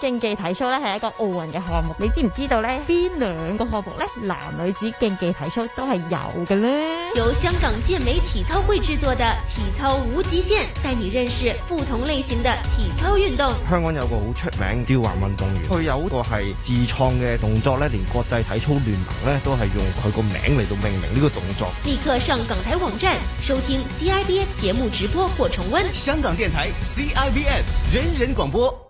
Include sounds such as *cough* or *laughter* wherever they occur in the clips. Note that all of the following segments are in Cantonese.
競技體操咧，係一個奧運嘅項目，你知唔知道咧？邊兩個項目咧？男女子競技體操都係有嘅咧。由香港健美體操會製作嘅《體操無極限》，帶你認識不同類型嘅體操運動。香港有個好出名嘅吊環運動員，佢有一個係自創嘅動作咧，連國際體操聯盟咧都係用佢個名嚟到命名呢個動作。立刻上港台網站收聽 CIBS 節目直播或重溫。香港電台 CIBS 人人廣播。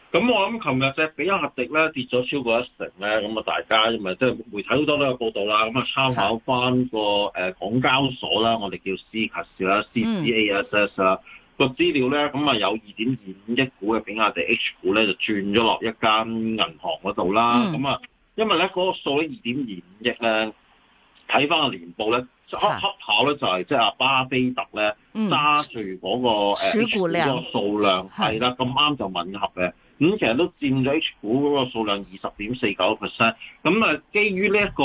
咁我諗，琴日嘅比亞迪咧跌咗超過一成咧，咁啊大家即係媒體好多都有報道啦。咁啊參考翻個港交所啦，的我哋叫 C 及 S 啦，C C A S S 啦個資料咧，咁啊有二點二五億股嘅比亞迪 H 股咧就轉咗落一間銀行嗰度啦。咁啊、嗯，因為咧嗰、那個數咧二點二五億咧，睇翻個年報咧，恰恰好咧就係即係阿巴菲特咧揸住嗰個誒個數量，係啦，咁啱就吻合嘅。咁其實都佔咗 H 股嗰個數量二十點四九個 percent，咁啊，基於呢一個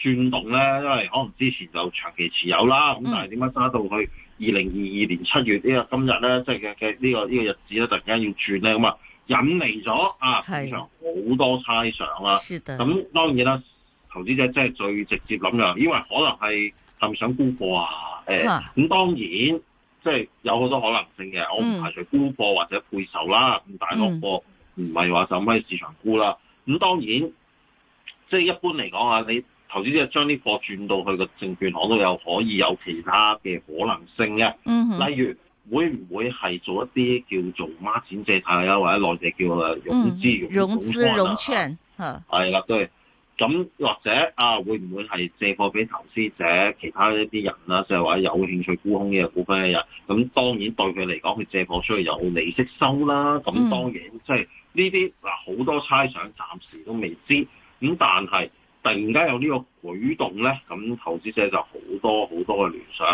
轉動咧，因為可能之前就長期持有啦，咁但係點解揸到去二零二二年七月呢個今日咧，即係嘅嘅呢個呢、呢個日子咧，突然間要轉咧，咁啊引嚟咗啊，市場好多猜想啦。咁當然啦，投資者即係最直接諗嘅，因為可能係係咪想沽貨啊？誒、欸，咁當然即係有好多可能性嘅，我唔排除沽貨或者配售啦，咁大落貨。嗯唔係話就咁喺市場沽啦，咁當然即係、就是、一般嚟講啊，你投資者將啲貨轉到去個證券行都有可以有其他嘅可能性嘅。嗯、哼例如會唔會係做一啲叫做孖展借貸啊，或者內地叫做融資融券、嗯、哼啊，係啦，對，咁或者啊會唔會係借貨俾投資者其他一啲人啦，即係話有興趣沽空嘅股份嘅人，咁當然對佢嚟講，佢借貨需要出去有利息收啦，咁當然即、就、係、是。嗯呢啲嗱好多猜想，暫時都未知。咁但係突然間有呢個舉動咧，咁投資者就好多好多嘅聯想。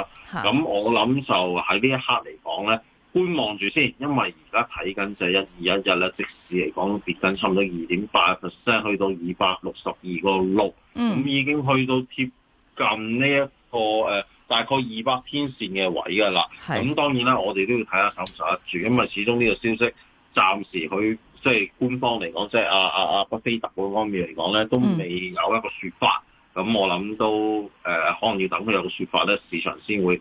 咁的我諗就喺呢一刻嚟講咧，觀望住先，因為而家睇緊就係一二一一咧，即使嚟講跌緊差唔多二點八 percent，去到二百六十二個六。咁已經去到貼近呢一個誒大概二百天線嘅位噶啦。咁的當然啦，我哋都要睇下守唔守得住。因為始終呢個消息暫時佢。即係官方嚟講，即係阿阿阿巴菲特嗰方面嚟講咧，都未有一個説法，咁我諗都誒、呃，可能要等佢有個説法咧，市場先會。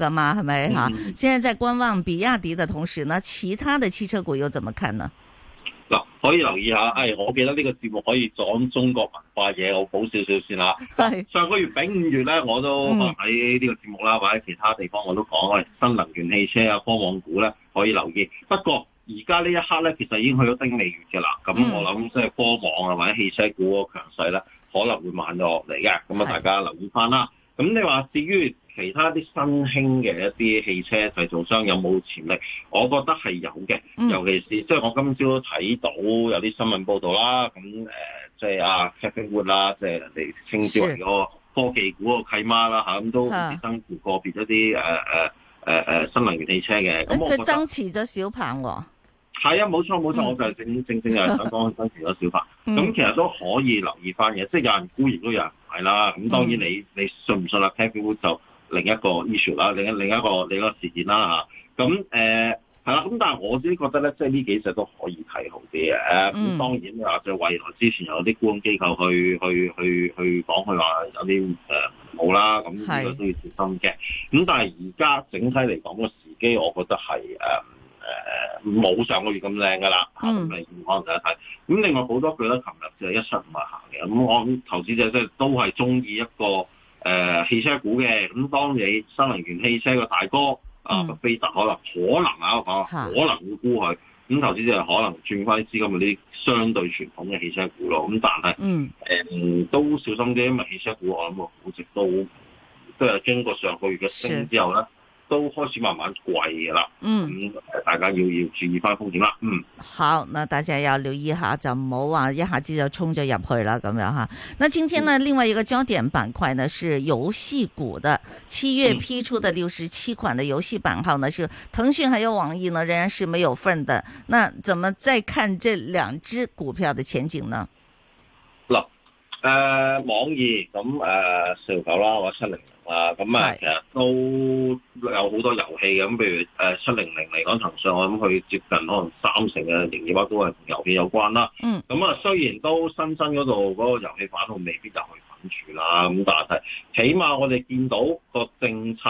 噶嘛，係咪哈？現在在觀望比亞迪嘅同時呢，其他的汽車股又怎麼看呢？嗱、嗯，可以留意下。誒、哎，我記得呢個節目可以講中國文化嘢，我補少少先吓。係是。上個月丙五月咧，我都喺呢個節目啦，嗯、或者其他地方我都講啊，新能源汽車啊，科網股咧可以留意。不過而家呢一刻咧，其實已經去到丁未月嘅啦。咁我諗即係科網啊，或者汽車股嘅強勢咧，可能會慢咗落嚟嘅。咁啊，大家留意翻啦。咁你話至於？嗯其他啲新興嘅一啲汽車製造商有冇潛力？我覺得係有嘅，尤其是即係我今朝都睇到有啲新聞報道啦。咁誒，即係阿 Cathie Wood 啦，即係人哋稱之為個科技股個契媽啦嚇，咁都唔增持個別一啲誒誒誒誒新能源汽車嘅。咁佢增持咗小鵬喎，係啊，冇錯冇錯，我就係正正正係想講增持咗小鵬、嗯。咁、 *laughs* 嗯、其實都可以留意翻嘅，即係有人沽亦都有人買啦。咁當然你你信唔信啊 Cathie Wood 就另一個 issue 啦，另一另一個你個事件啦咁誒係啦，咁、呃、但係我自己覺得咧，即係呢幾隻都可以睇好啲嘅。咁、嗯、當然你話就係未來之前有啲官機機構去去去去講佢話有啲誒冇啦，咁呢個都要小心嘅。咁但係而家整體嚟講個時機，我覺得係誒冇上個月咁靚噶啦咁可能睇，咁另外好多股咧，琴日就係一出唔係行嘅。咁我投資者即、就係、都係中意一個。誒、呃、汽車股嘅，咁當你新能源汽車個大哥啊，特斯拉可能可能啊，我講可能會沽佢，咁投資者可能轉翻資金去啲相對傳統嘅汽車股咯，咁但係誒、嗯嗯、都小心啲，因為汽車股我諗個估值都都係經過上個月嘅升之後咧。都開始慢慢貴嘅啦，咁、嗯、大家要要注意翻風險啦。嗯，好，那大家要留意下，就唔好話一下子就衝咗入去啦咁樣哈。那今天呢、嗯、另外一個焦點板塊呢是遊戲股的，七月批出的六十七款的遊戲版號呢，嗯、是騰訊還有網易呢仍然是沒有份的。那怎麼再看這兩隻股票的前景呢？嗱，誒、呃，網易咁誒，四九啦，呃、49, 或七零。啊，咁啊，其實都有好多遊戲咁，譬如誒七零零嚟講騰訊，我諗佢接近可能三成嘅營業額都係同遊戲有關啦。嗯。咁啊、嗯，雖然都新增嗰度嗰個遊戲版號未必就去粉住啦，咁但係起碼我哋見到個政策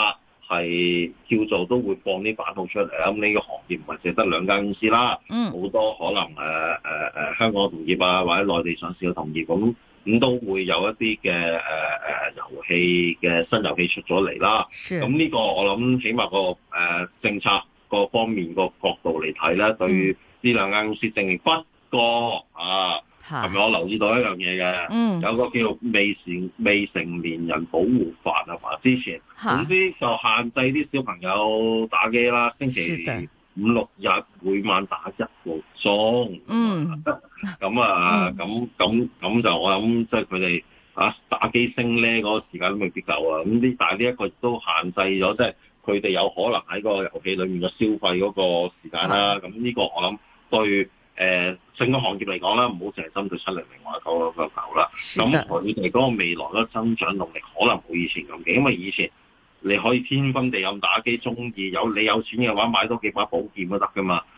係叫做都會放啲版號出嚟啦。咁呢個行業唔係淨得兩間公司啦，嗯，好多可能誒誒香港同業啊，或者內地上市嘅同業咁。咁都會有一啲嘅誒誒遊戲嘅新遊戲出咗嚟啦。咁呢是個我諗起碼、那個誒、呃、政策各方面個角度嚟睇咧，嗯、對於呢兩間公司正不過啊，係咪是我留意到一樣嘢嘅？嗯，有個叫未成未成年人保護法係嘛？之前總之是就限制啲小朋友打機啦，星期，五六日每晚打一個鐘。嗯。咁啊，咁咁咁就我諗，即係佢哋啊打機升咧，嗰個時間都未必夠啊。咁啲但係呢一個亦都限制咗，即係佢哋有可能喺個遊戲裏面嘅消費嗰個時間啦。咁呢的個我諗對誒整個行業嚟講啦，唔好淨係針對七零零或九九九啦。咁佢哋嗰個未來嘅增長動力，可能冇以前咁嘅，因為以前。你可以天昏地暗打機，中意有你有錢嘅話，買多幾把寶劍都得噶嘛。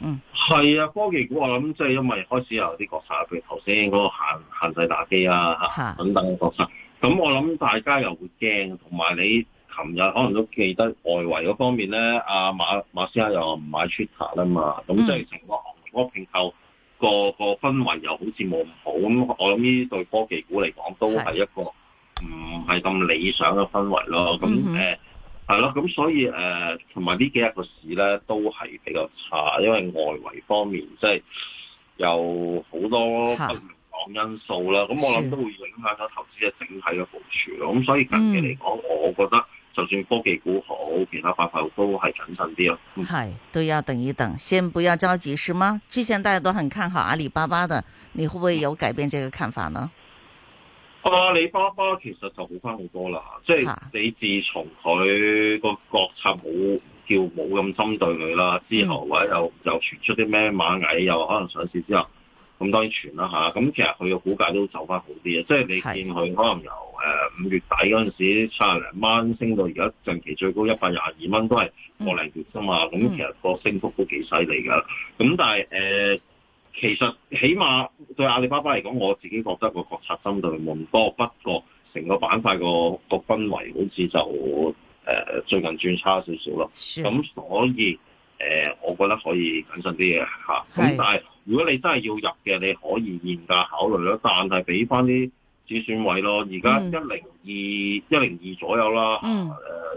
嗯，係啊，科技股我諗即係因為開始有啲國策，譬如頭先嗰個限限制打機啊，等等嘅國策，咁我諗大家又會驚，同埋你琴日可能都記得外圍嗰方面咧，阿、啊、馬馬斯克又唔買 Twitter 啦嘛，咁就成個行拼個併購個個氛圍又好似冇咁好，咁我諗呢對科技股嚟講都係一個唔係咁理想嘅氛圍咯，咁誒是。那嗯係咯，咁所以誒，同埋呢幾日個市咧都係比較差，因為外圍方面即係有好多不明朗因素啦。咁是我諗都會影響到投資嘅整體嘅部署咯。咁是所以近期嚟講，我覺得就算科技股好，嗯、其他板塊都係謹慎啲咯。係、嗯、都要等一等，先不要着急，是嗎？之前大家都很看好阿里巴巴的，你會不會有改變這個看法呢？阿里巴巴其實就好翻好多啦，即、就、係、是、你自從佢個國策冇叫冇咁針對佢啦，之後或者又、嗯、又傳出啲咩螞蟻又可能上市之後，咁當然傳啦吓。咁其實佢嘅股價都走翻好啲嘅，即、就、係、是、你見佢可能由誒五是、呃、月底嗰陣時三十零蚊升到而家近期最高一百廿二蚊，都係個零月啫嘛。咁其實個升幅都幾犀利㗎。咁但係誒其實起碼對阿里巴巴嚟講，我自己覺得個決策針對冇咁多，不過成個板塊的個個氛圍好似就誒、呃、最近轉差少少咯。咁 Sure. 所以誒、呃，我覺得可以謹慎啲嘅嚇。咁、啊、是但係如果你真係要入嘅，你可以現價考慮咯。但係俾翻啲指數位咯。而家一零二一零二左右啦。誒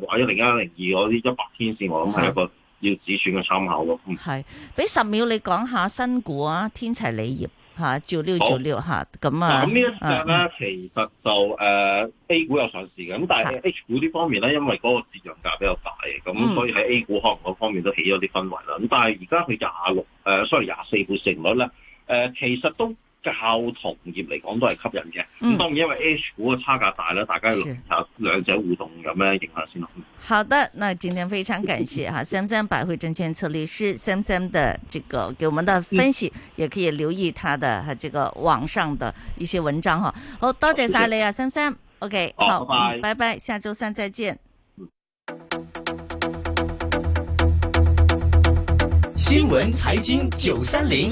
或者一零一零二嗰啲一百天線，我諗係一個。Mm hmm. 要止損嘅參考咯，係、嗯，俾十秒你講下新股啊，天齊鋰業，吓，聊聊聊聊吓，咁啊，咁呢一隻咧，其實就誒、呃、A 股有上市嘅，咁但係 H 股呢方面咧，是因為嗰個市容價比較大，咁所以喺 A 股可能嗰方面都起咗啲氛圍啦，嗯、咁但係而家佢廿六，誒，sorry 廿四股成率呢，誒、呃，其實都。即係同業嚟講都係吸引嘅，咁當然因為 H 股嘅差價大啦，嗯、大家兩兩者互動咁咧，影下先咯。好的，那今天非常感謝哈，三三 *laughs* 百惠證券策略師三三 *laughs* 的這個給我們的分析，嗯、也可以留意他的哈這個網上的一些文章哈。好多謝晒你啊，三三謝，OK，好，哦、拜,拜,拜拜，下周三再見。嗯、新聞財經九三零。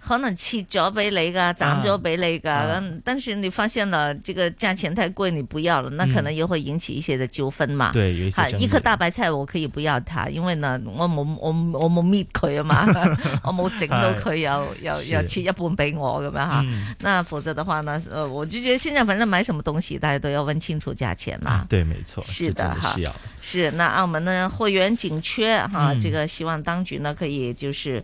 可能切咗俾你噶，斬咗俾你噶，咁但是你發現了這個價錢太貴，你不要了，那可能又會引起一些的糾紛嘛。對，有一些哈，一顆大白菜我可以不要它，因為呢，我冇我我冇搣佢啊嘛，我冇整到佢，要要要切一半俾我咁樣哈。那否則的話呢，呃，我就覺得現在反正買什麼東西，大家都要問清楚價錢啦。對，沒錯，是的哈，是。那澳門我們呢，貨源緊缺哈，這個希望當局呢可以就是。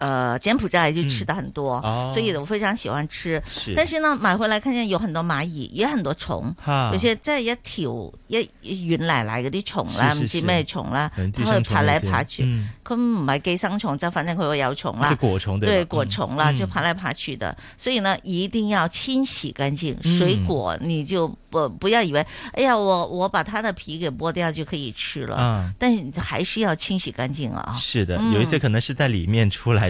呃，柬埔寨就吃的很多，所以我非常喜歡吃。但是呢，買回來看見有很多螞蟻，也很多蟲，有些再一條一云來來的蟲啦，唔知咩蟲啦，它會爬來爬去，佢唔係寄生蟲，就反正佢會有蟲啦，是果蟲對，對果蟲啦，就爬來爬去的。所以呢，一定要清洗乾淨。水果你就不不要以為，哎呀，我我把它的皮給剝掉就可以吃了，但是還是要清洗乾淨啊。是的，有一些可能是在裏面出來。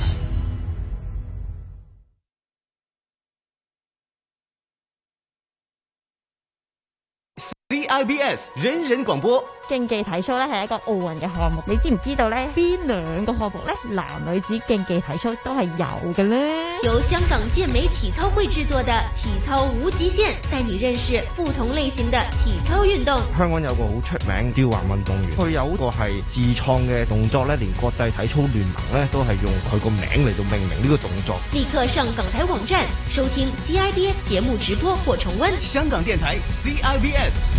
CIBS 人人廣播。競技體操咧係一個奧運嘅項目，你知唔知道咧邊兩個項目咧男女子競技體操都係有嘅咧。由香港健美體操會製作嘅體操無極限，帶你認識不同類型嘅體操運動。香港有個好出名吊環運動員，佢有個係自創嘅動作咧，連國際體操聯盟咧都係用佢個名嚟到命名呢個動作。立刻上港台網站收聽 CIBS 節目直播或重温。香港電台 CIBS。I B S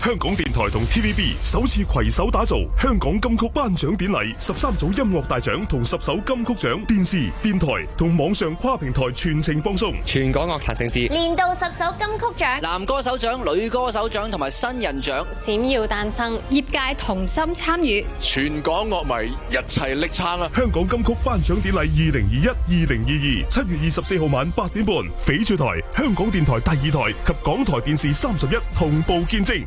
香港電台同 TVB 首次攜手打造香港金曲頒獎典禮，十三組音樂大獎同十首金曲獎，電視、電台同網上跨平台全程放送，全港樂壇盛事，年度十首金曲獎、男歌手獎、女歌手獎同埋新人獎閃耀誕生，業界同心參與，全港樂迷一齊力撐啊！香港金曲頒獎典禮二零二一、二零二二七月二十四號晚八點半，翡翠台、香港電台第二台及港台電視三十一同步見證。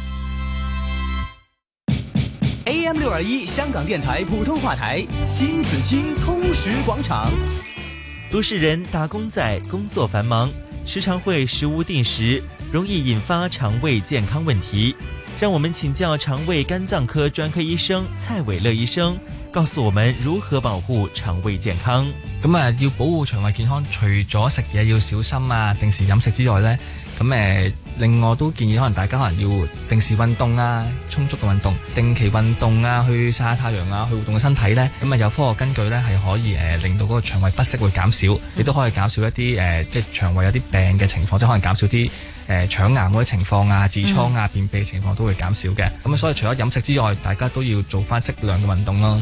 AM 六二一香港電台普通話台，新紫荊通識廣場。都市人打工仔工作繁忙，時常會食無定時，容易引發腸胃健康問題。讓我們請教腸胃肝臟科專科醫生蔡偉樂醫生，告訴我們如何保護腸胃健康。咁啊、呃，要保護腸胃健康，除咗食嘢要小心啊，定時飲食之外咧，咁誒。呃另外都建議可能大家可能要定時運動啊，充足嘅運動，定期運動啊，去曬太陽啊，去活動個身體呢。咁啊有科學根據呢，係可以令到嗰個腸胃不適會減少，亦都可以減少一啲誒、呃、即腸胃有啲病嘅情況，即可能減少啲誒、呃、腸癌嗰啲情況啊、痔瘡啊、便秘嘅情況都會減少嘅。咁啊，所以除咗飲食之外，大家都要做翻適量嘅運動咯。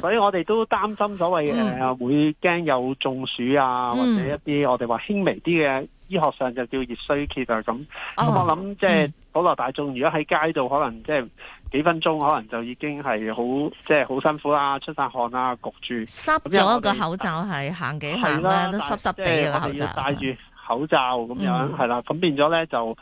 所以我哋都擔心所謂誒會驚有中暑啊，嗯、或者一啲我哋話輕微啲嘅醫學上就叫熱衰竭啊咁。咁、哦、我諗即係普羅大眾，如果喺街度可能即係幾分鐘，可能就已經係好即係好辛苦啦，出晒汗啦，焗住，濕咗了個口罩係行幾行咧都濕濕地啦，我要口罩。戴住對口罩咁樣係、嗯、啦，咁變咗咧就。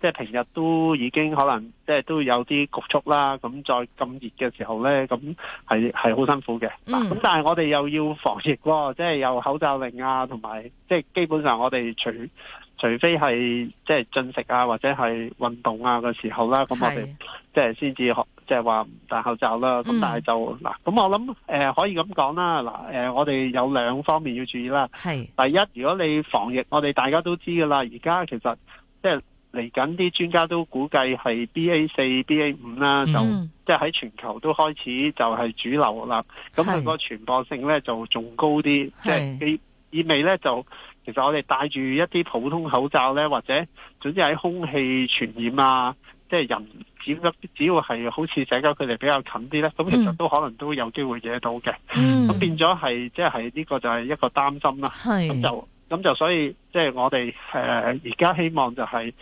即係平日都已經可能，即係都有啲局促啦。咁再咁熱嘅時候咧，咁係係好辛苦嘅。咁、嗯、但係我哋又要防疫喎，即係有口罩令啊，同埋即係基本上我哋除除非係即係進食啊，或者係運動啊嘅時候啦，咁是我哋即係先至學，即係話唔戴口罩啦。咁、嗯、但係就嗱，咁我諗誒、呃、可以咁講啦。嗱、呃，誒我哋有兩方面要注意啦。係是第一，如果你防疫，我哋大家都知㗎啦。而家其實即係。嚟緊啲專家都估計係 BA 四、BA 五啦，就即係喺全球都開始就係主流啦。咁佢個傳播性咧就仲高啲，即係意味咧就其實我哋戴住一啲普通口罩咧，或者總之喺空氣傳染啊，即係人只、只要係好似社交距離比較近啲咧，咁其實都可能都有機會惹到嘅。咁變咗係即係呢個就係一個擔心啦。咁就咁就所以即係我哋誒而家希望就係。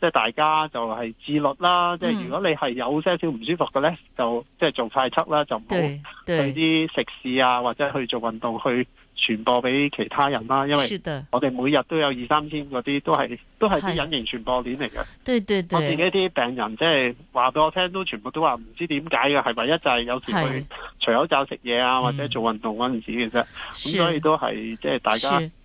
即係大家就係自律啦。即係如果你係有些少唔舒服嘅咧，就即係做快測啦，就唔好去啲食肆啊，或者去做運動去傳播俾其他人啦。因為我哋每日都有二三千嗰啲，都係都係啲隱形傳播鏈嚟嘅。對對，我自己啲病人即係話俾我聽，都全部都話唔知點解嘅，係唯一就係有時去除口罩食嘢啊，或者做運動嗰陣時，其實咁。所以都係即係大家。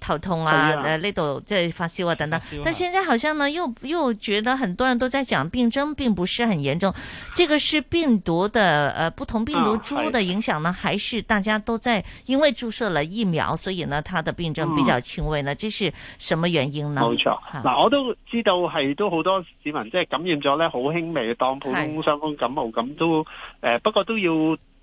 頭痛啊，呢度即係發燒、啊、等等，啊、但現在好像呢，又又覺得很多人都在講病症並不是很嚴重，這個是病毒的，呃，不同病毒株的影響呢，啊、是還是大家都在因為注射了疫苗，所以呢，它的病症比較輕微呢？嗯、這是什麼原因呢？冇錯，嗱，我都知道係都好多市民即係感染咗呢，好輕微，當普通傷風感冒咁都，誒是、啊，不過都要。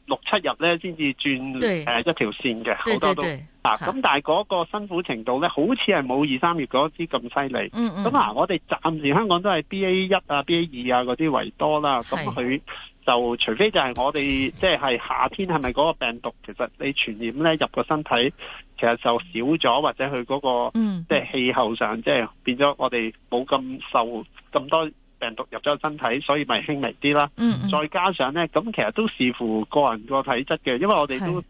六七日咧先至轉誒一條線嘅，好多都對對對啊！咁的但係嗰個辛苦程度咧，好似係冇二三月嗰啲咁犀利。咁、嗯嗯啊、我哋暫時香港都係 B A 一啊、B A 二啊嗰啲為多啦。咁佢的就除非就係我哋即係夏天，係咪嗰個病毒？其實你傳染咧入個身體，其實就少咗，或者佢嗰、那個即係、嗯、氣候上，即、就、係、是、變咗我哋冇咁受咁多。病毒入咗身體，所以咪輕微啲啦。嗯嗯、再加上咧，咁其實都視乎個人個體質嘅，因為我哋都是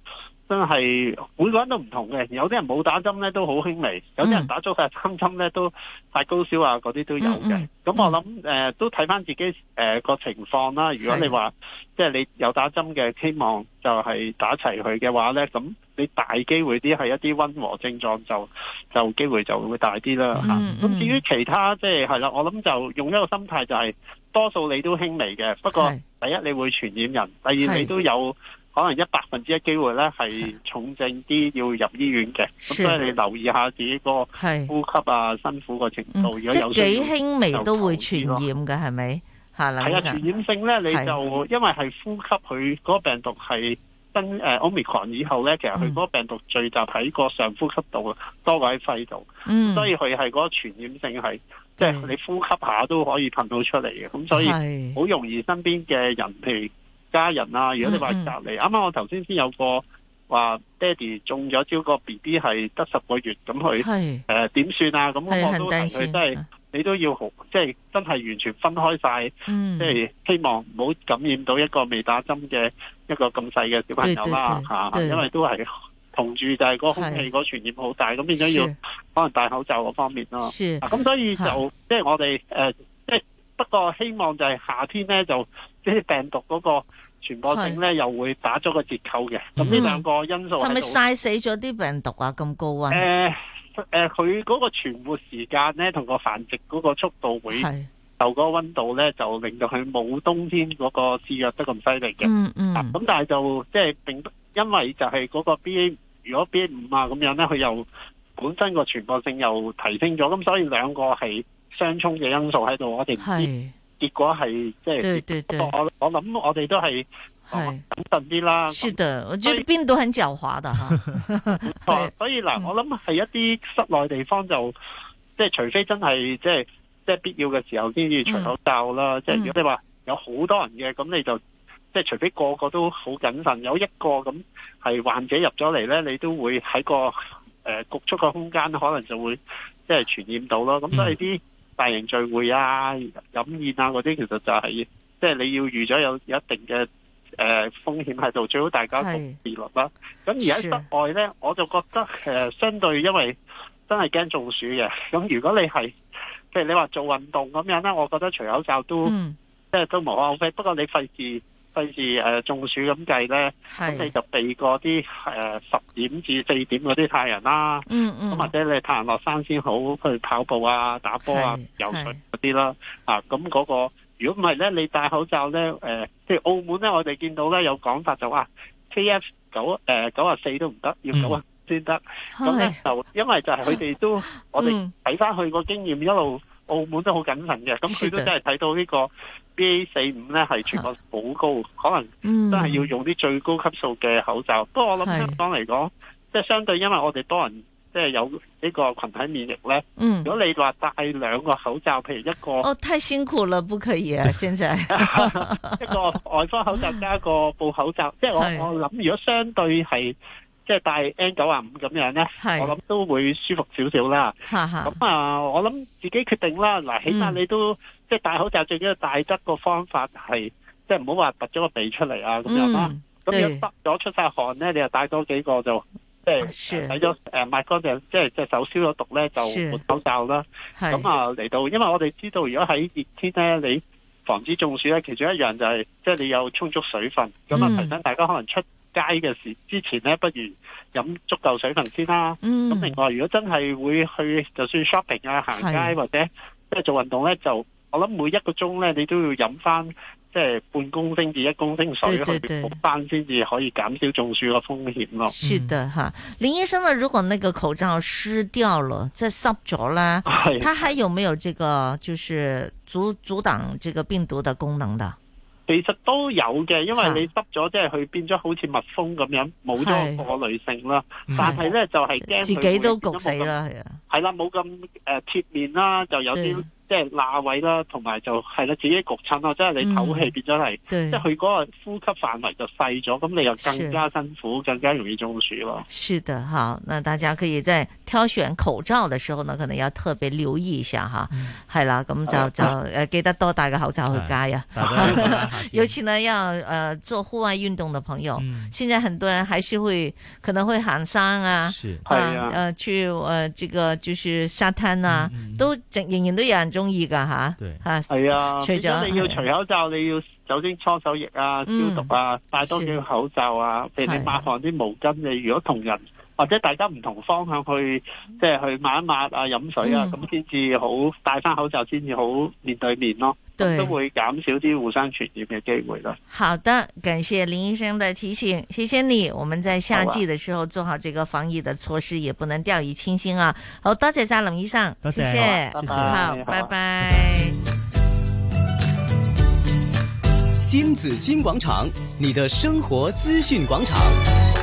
真係每個人都唔同嘅。有啲人冇打針咧都好輕微，有啲人打咗佢三針咧都發高燒啊，嗰啲都有嘅。咁、嗯嗯、我諗誒、呃、都睇返自己誒、呃、個情況啦。如果你話是即係你有打針嘅，希望就係打齊佢嘅話咧，咁。你大機會啲係一啲溫和症狀就就機會就會大啲啦吓。咁至於其他即係係啦，我諗就用一個心態就係多數你都輕微嘅。不過第一你會傳染人，第二你都有可能一百分之一機會咧係重症啲要入醫院嘅。咁所以你留意下自己個呼吸啊，辛苦個程度，如果有即係幾輕微都會傳染㗎，係咪？係啦，係啊，傳染性咧你就因為係呼吸佢嗰個病毒係。呃、Omicron 以後咧，其實佢嗰個病毒聚集喺個上呼吸道、嗯、多過喺肺度，嗯、所以佢係嗰個傳染性係，即係是你呼吸下都可以噴到出嚟嘅，咁所以好容易身邊嘅人，譬是如家人啦、啊，如果你話隔離，啱啱、嗯、我頭先先有個話爹哋中咗招，個 B B 係得十個月，咁佢誒點算啊？咁是我都同佢真係。你都要好，即、就、係、是、真係完全分開晒，即係、嗯、希望唔好感染到一個未打針嘅一個咁細嘅小朋友啦，因為都係同住就係個空氣個傳染好大，咁變咗要可能戴口罩嗰方面咯。咁是、啊、所以就即係是我哋誒，即、呃、係不過希望就係夏天咧，就即係病毒嗰個傳播性咧是又會打咗個折扣嘅。咁呢、嗯、兩個因素係咪晒死咗啲病毒啊？咁高溫？呃誒，佢嗰、呃、個存活時間咧，同個繁殖嗰個速度會受嗰個溫度咧，是就令到佢冇冬天嗰個制約得咁犀利嘅。嗯嗯。咁、啊、但係就即係，並、就是、因為就係嗰個 B A 如果 B A 五啊咁樣咧，佢又本身個傳播性又提升咗，咁所以兩個係相衝嘅因素喺度。我哋結是結果係即係。對對對，我我諗我哋都係。係謹慎啲啦，我覺得病毒很狡猾的吓。所以嗱，我諗係一啲室內地方就，是即係除非真係即係即係必要嘅時候先至除口罩啦。嗯、即係如果你係話有好多人嘅，咁、嗯、你就即係除非個個都好謹慎，有一個咁係患者入咗嚟，呢，你都會喺個誒、呃、局促嘅空間，可能就會即係傳染到咯。咁、嗯、所以啲大型聚會啊、飲宴啊嗰啲，其實就係、是、即係你要預咗有有一定嘅。誒、呃、風險喺度，最好大家防自律啦。咁是而喺室外咧，我就覺得、呃、相對，因為真係驚中暑嘅。咁如果你係譬如你話做運動咁樣咧，我覺得除口罩都即係、嗯、都無枉費。不過你費事費事中暑咁計咧，咁是你就避過啲誒十點至四點嗰啲太陽啦。咁、嗯嗯、或者你太陽落山先好去跑步啊、打波啊、是游水嗰啲啦。啊，咁、那、嗰個。如果唔係咧，你戴口罩咧，誒，即係澳門咧，我哋見到咧有講法就話 KF 九誒九啊四都唔得，要九啊先得。咁咧就因為就係佢哋都我哋睇翻佢個經驗，一路澳門都好謹慎嘅，咁佢都真係睇到呢個 BA 四五咧係全國好高，可能真係要用啲最高級數嘅口罩。不過我諗香港嚟講，即係相對，因為我哋多人。即係有呢個群體免疫咧。嗯，如果你話戴兩個口罩，譬如一個哦，太辛苦啦，不可以啊！現在 *laughs* *laughs* 一個外科口罩加一個布口罩，是即係我我諗，如果相對係即係戴 N 九啊五咁樣咧，是我諗都會舒服少少啦。咁哈啊，我諗自己決定啦。嗱、嗯，起碼你都即係戴口罩，最緊要戴得個方法係即係唔好話拔咗個鼻出嚟啊咁、嗯、樣啦。咁、嗯、如果凸咗出晒汗咧，對你又戴多幾個就。即係洗咗誒，抹乾淨，即係隻手消咗毒咧，就戴口罩啦。咁是啊嚟到，是因為我哋知道，如果喺熱天咧，你防止中暑咧，其中一樣就係、是、即係你有充足水分。咁啊、嗯，提醒大家可能出街嘅時之前咧，不如飲足夠水分先啦。咁、嗯、另外，如果真係會去，就算 shopping 啊、行街或者即係是做運動咧，就我諗每一個鐘咧，你都要飲翻。即係半公升至一公升水去復翻，先至可以減少中暑個風險咯。是的哈，林醫生呢？如果那個口罩濕掉了，即係濕咗啦，係的，它還有沒有這個就是阻阻擋這個病毒的功能的？其實都有嘅，因為你濕咗，是的即係佢變咗好似密封咁樣，冇咗過濾性啦。是的但係呢，是的就係驚自己都焗死啦，係啊的，係啦，冇咁誒貼面啦，就有啲。即係罅位啦，同埋就係啦，自己焗親咯，即係你透氣變咗係，即係佢嗰個呼吸範圍就細咗，咁你又更加辛苦，更加容易中暑咯。是的，好，那大家可以在挑選口罩嘅時候呢，可能要特別留意一下吓，係啦，咁就就誒記得多戴個口罩去街啊，尤其呢要誒做戶外運動嘅朋友，現在很多人還是會可能會行山啊，係啊，誒去誒這個就是沙灘啊，都仍仍然都有人中。中意噶吓，係對啊，除咗你要除口罩，的你要酒精搓手液啊、嗯、消毒啊，戴多啲口罩啊，譬如的你抹防啲毛巾。你如果同人的或者大家唔同方向去，即係去抹一抹啊、飲水啊，咁先至好戴翻口罩，先至好面對面咯。都對都會減少啲互相傳染嘅機會啦，好的，感謝林醫生的提醒，謝謝你。我們在夏季的時候做好這個防疫的措施，吧也不能掉以輕心啊。好，多好謝沙龍醫生，多謝，好，啊、謝謝好，拜拜。新紫、啊啊、拜荊廣場，你的生活資訊廣場。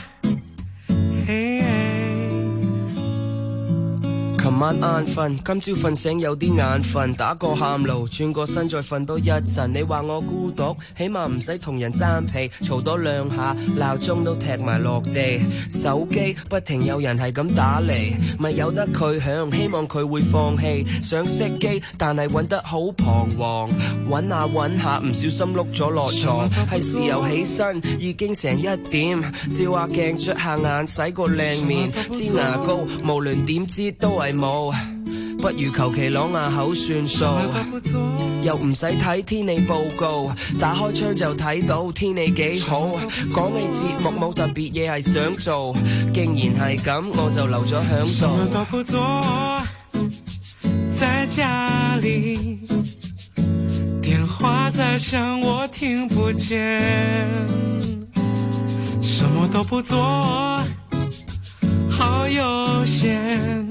晚安瞓，今朝瞓醒有啲眼瞓，打個喊路，轉個身再瞓多一陣，你話我孤獨，起碼唔使同人爭被，嘈多兩下，鬧鐘都踢埋落地，手機不停有人係咁打嚟，咪由得佢響，希望佢會放棄，想熄機，但係搵得好彷徨，搵下搵下唔小心碌咗落床，係時候起身，已經成一點，照下鏡，捽下眼，洗個靚面，支牙膏無論點知都係冇。不如求其朗牙口算數，不又唔使睇天氣報告，打開窗就睇到天氣幾好。講起節目冇特別嘢係想做，竟然係咁，我就留咗響度。什麼都不做，在家裏電話在響我聽不見，什麼都不做，好悠閒。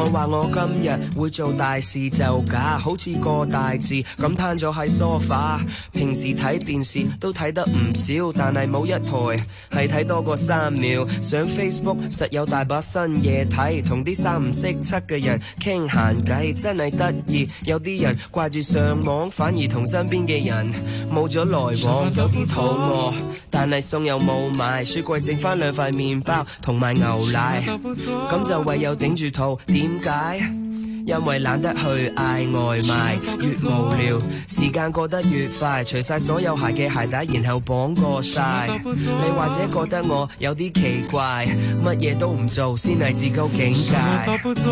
我話我今日會做大事就假，好似個大字咁攤咗喺 sofa。平時睇電視都睇得唔少，但係冇一台係睇多過三秒。上 Facebook 實有大把新嘢睇，同啲三唔識七嘅人傾閒偈真係得意。有啲人掛住上網，反而同身邊嘅人冇咗來往。有啲肚餓，但係餸又冇買，雪櫃剩翻兩塊麵包同埋牛奶。咁就唯有頂住肚。點解？因為懶得去嗌外賣，越無聊，時間過得越快。除晒所有鞋嘅鞋帶，然後綁過晒。你或者覺得我有啲奇怪，乜嘢都唔做，先係至高境界。什麼都不做，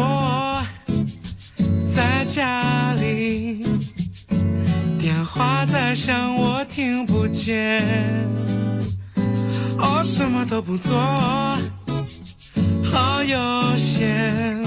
在家裏，電話在響我聽不見，我什麼都不做，好悠閒。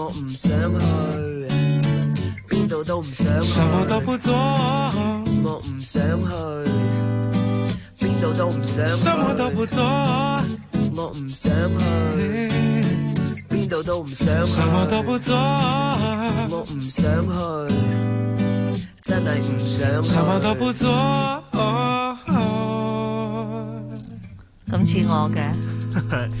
我唔想去，邊度都唔想去，我唔想去，邊度都唔想去，什麼都不做。我唔想去，邊度都唔想去，什麼都不做。我唔想去，真係唔想去，什麼都不做。咁似、哦哦、 *laughs* 我嘅。 *laughs*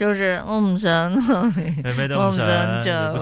就是我不想，我不想就我不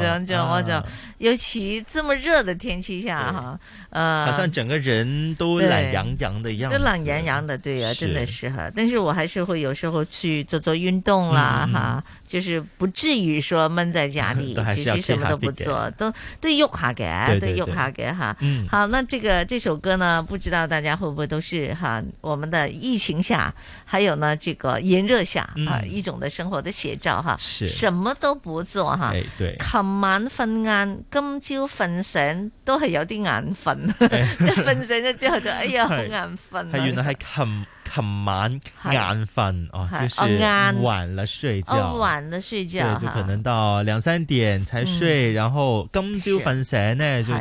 想就我想，尤其這麼熱的天氣下哈，呃，好像整個人都懶洋洋的樣子，都懶洋洋的，對呀，真的是哈。但是我還是會有時候去做做運動啦哈，就是不至於說悶在家裏，其實什麼都不做，都對，又卡給，對，又卡給，哈。好，那這個這首歌呢，不知道大家會不會都是哈？我們的疫情下，還有呢這個炎熱下啊一。種的生活的寫照哈，什麼都不做哈，琴晚瞓晏，今朝瞓醒都係有啲眼瞓，一瞓醒咗之後就哎呀好眼瞓。原來係琴琴晚眼瞓哦，就是晚了睡覺，晚了睡覺，就可能到兩三點才睡，然後今朝瞓醒呢就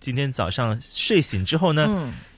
今天早上睡醒之後呢。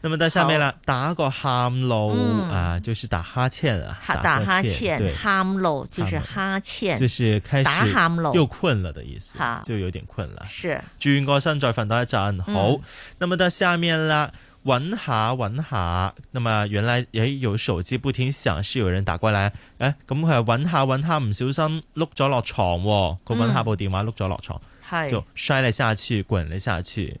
那麼到下面啦，打個喊露啊，就是打哈欠啊，打哈欠，喊露就是哈欠，就是開始打喊露，又困了的意思，就有點困了是，轉個身再瞓多一陣好。那麼到下面啦，搵下搵下，咁啊原來誒有手機不停響，是有人打過嚟誒，咁佢係搵下搵下唔小心碌咗落床，佢搵下部電話碌咗落床，係就摔了下去，滾了下去。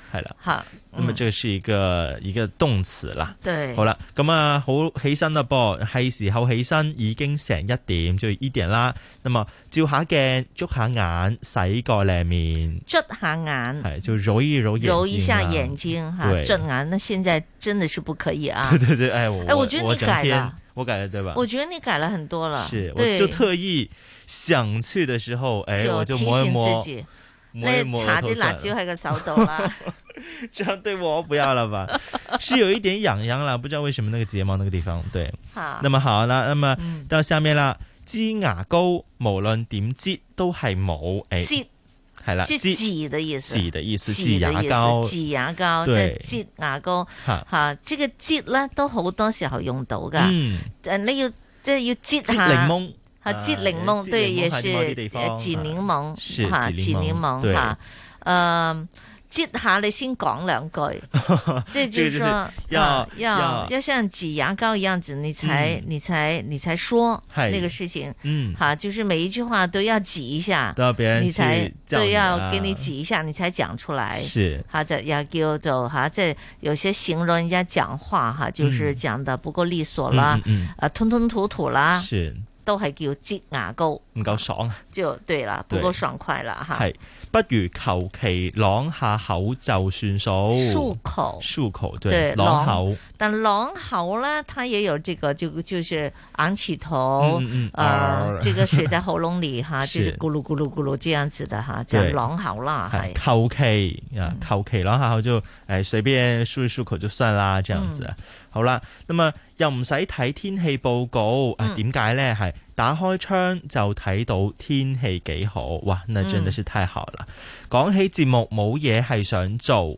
係啦，咁啊，就、嗯、是一個一個動詞啦。對，好啦，咁啊，好起身啦，噃，係時候起身，已經成一點，就一點啦。咁啊，照下鏡，捽下眼，洗個靚面，捽下眼，係就揉一揉眼、啊，揉一下眼睛哈、啊。捽對眼，那現在真的是不可以啊。對對對，哎，我哎，我覺得你改了，我,我改了，對吧？我覺得你改了很多了是，我就特意想去的時候，哎，就我就摸一摸。你搽啲辣椒喺個手度啦，這樣對我不要了吧？是有一點癢癢啦，不知道為什麼？那個睫毛那個地方，對。咁啊好啦，咁啊，到下面啦，擠牙膏，無論點擠都係冇誒，擠係啦，擠字的意思，擠的意思，擠牙膏，擠牙膏，即係擠牙膏。吓，呢個擠咧都好多時候用到噶，誒，你要即係要擠下檸檬。吓，擠檸檬對，也是擠檸檬吓，擠檸檬吓，嗯，擠下來先講兩句，這就是說要要要像擠牙膏一樣子，你才你才你才說那個事情，嗯，好，就是每一句話都要擠一下，都要別人你才都要給你擠一下，你才講出來，是，好在要叫走，哈，這有些形容人家講話，哈，就是講得不夠利索啦，啊，吞吞吐吐啦，是。都係叫擠牙膏，唔夠爽啊！就對啦，不夠爽快啦吓。係不如求其朗下口就算數，漱口，漱口對。對，朗喉，但朗喉咧，它也有這個，就就是昂起頭，啊，這個水在喉嚨裏哈，就是咕嚕咕嚕咕嚕這樣子的哈，就朗喉啦。係求其啊，求其朗下口就誒，隨便漱一漱口就算啦，這樣子。好啦，咁啊又唔使睇天氣報告，點解、嗯、呢？係打開窗就睇到天氣幾好，哇！那真的是太好啦。講、嗯、起節目冇嘢係想做。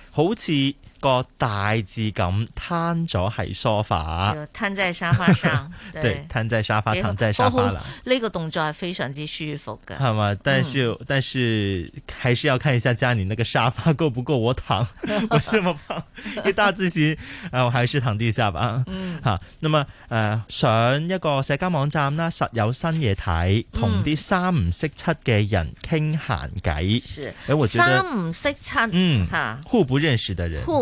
好似。個大字咁攤咗喺 sofa，攤在沙發上，對，攤在沙發，攤在沙發上，呢個動作係非常之舒服嘅。係嘛，但是但是還是要看一下家裏那個沙發夠唔夠我躺，我這麼胖，一大字我還是舒躺地下吧。吓，咁啊，誒，上一個社交網站啦，實有新嘢睇，同啲三唔識七嘅人傾閒偈。誒，我覺得三唔識七，嗯，吓，互不認識的人，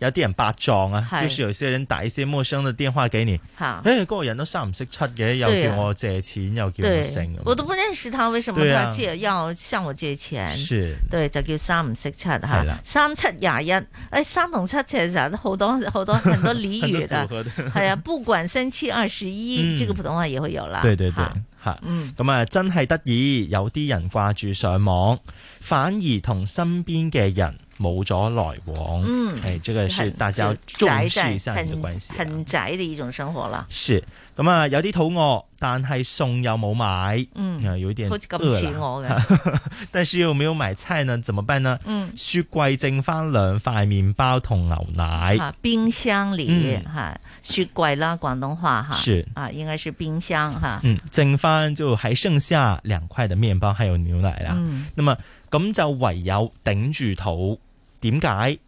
有啲人白撞啊，即是有些人打一些陌生的電話給你，誒，嗰個人都三唔識七嘅，又叫我借錢，又叫我剩，我都不認識他，為什麼他借要向我借錢？是對，就叫三唔識七吓，三七廿一，誒，三同七其實好多好多很多俚語嘅，係啊，不管三七二十一，這個普通話也會有啦。對對對，吓，咁啊，真係得意，有啲人掛住上網，反而同身邊嘅人。冇咗來往，係、嗯，這個是大家重視一下的關係很的很，很窄的一種生活啦。是，咁啊，有啲肚餓，但係餸又冇買，嗯，有一點好似我嘅， *laughs* 但是又沒有買菜呢，怎麼辦呢？嗯，雪櫃剩翻兩塊麵包同牛奶，啊，冰箱裏係、嗯啊、雪櫃啦，廣東話吓，啊是啊，應該是冰箱吓，啊、嗯，剩翻就還剩下兩塊的麵包，還有牛奶啦。嗯那，那麼咁就唯有頂住肚。點解？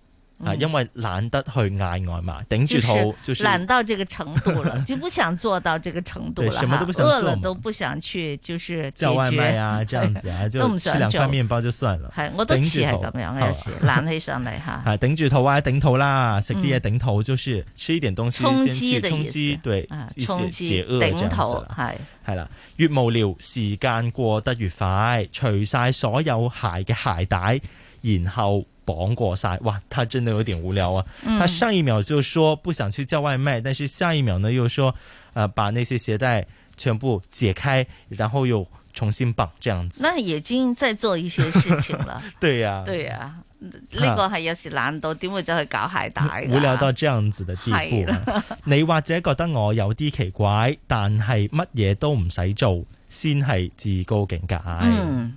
係因為懶得去嗌外賣，頂住肚，就是懶到這個程度了，就不想做到這個程度了。餓了都不想去，就是叫外賣啊，這樣子啊，就吃兩塊麵包就算了。係我都似係咁樣，有時懶起上嚟吓，係頂住肚啊，頂肚啦，食啲嘢頂肚，就是吃一點東西先去充飢，對，一些解餓這樣子。係係啦，越無聊，時間過得越快，除晒所有鞋嘅鞋帶，然後。綁過晒，哇！他真的有點無聊啊。他、嗯、上一秒就說不想去叫外賣，但是下一秒呢又說，呃、把那些鞋帶全部解開，然後又重新綁這樣子。那已經在做一些事情了。 *laughs* 對呀、啊，對呀、啊，呢、個係有時懶到點會走去搞鞋帶，無聊到這樣子的地步。是的笑你或者覺得我有啲奇怪，但係乜嘢都唔使做，先係至高境界。嗯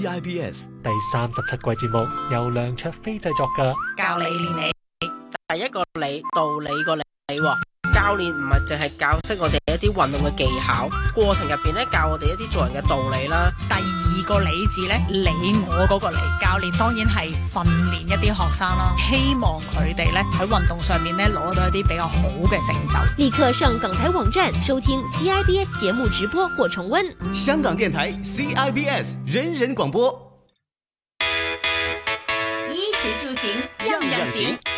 EIBS 第三十七季節目由梁卓飛製作嘅，教你練你第一個你道理個你。教練唔係淨係教識我哋一啲運動嘅技巧，過程入邊咧教我哋一啲做人嘅道理啦。第二個理智咧，你我嗰個理，教練當然係訓練一啲學生啦，希望佢哋咧喺運動上面咧攞到一啲比較好嘅成就。立刻上港台網站收聽 CIBS 節目直播或重溫香港電台 CIBS 人人廣播，衣食住行樣樣行。樣樣行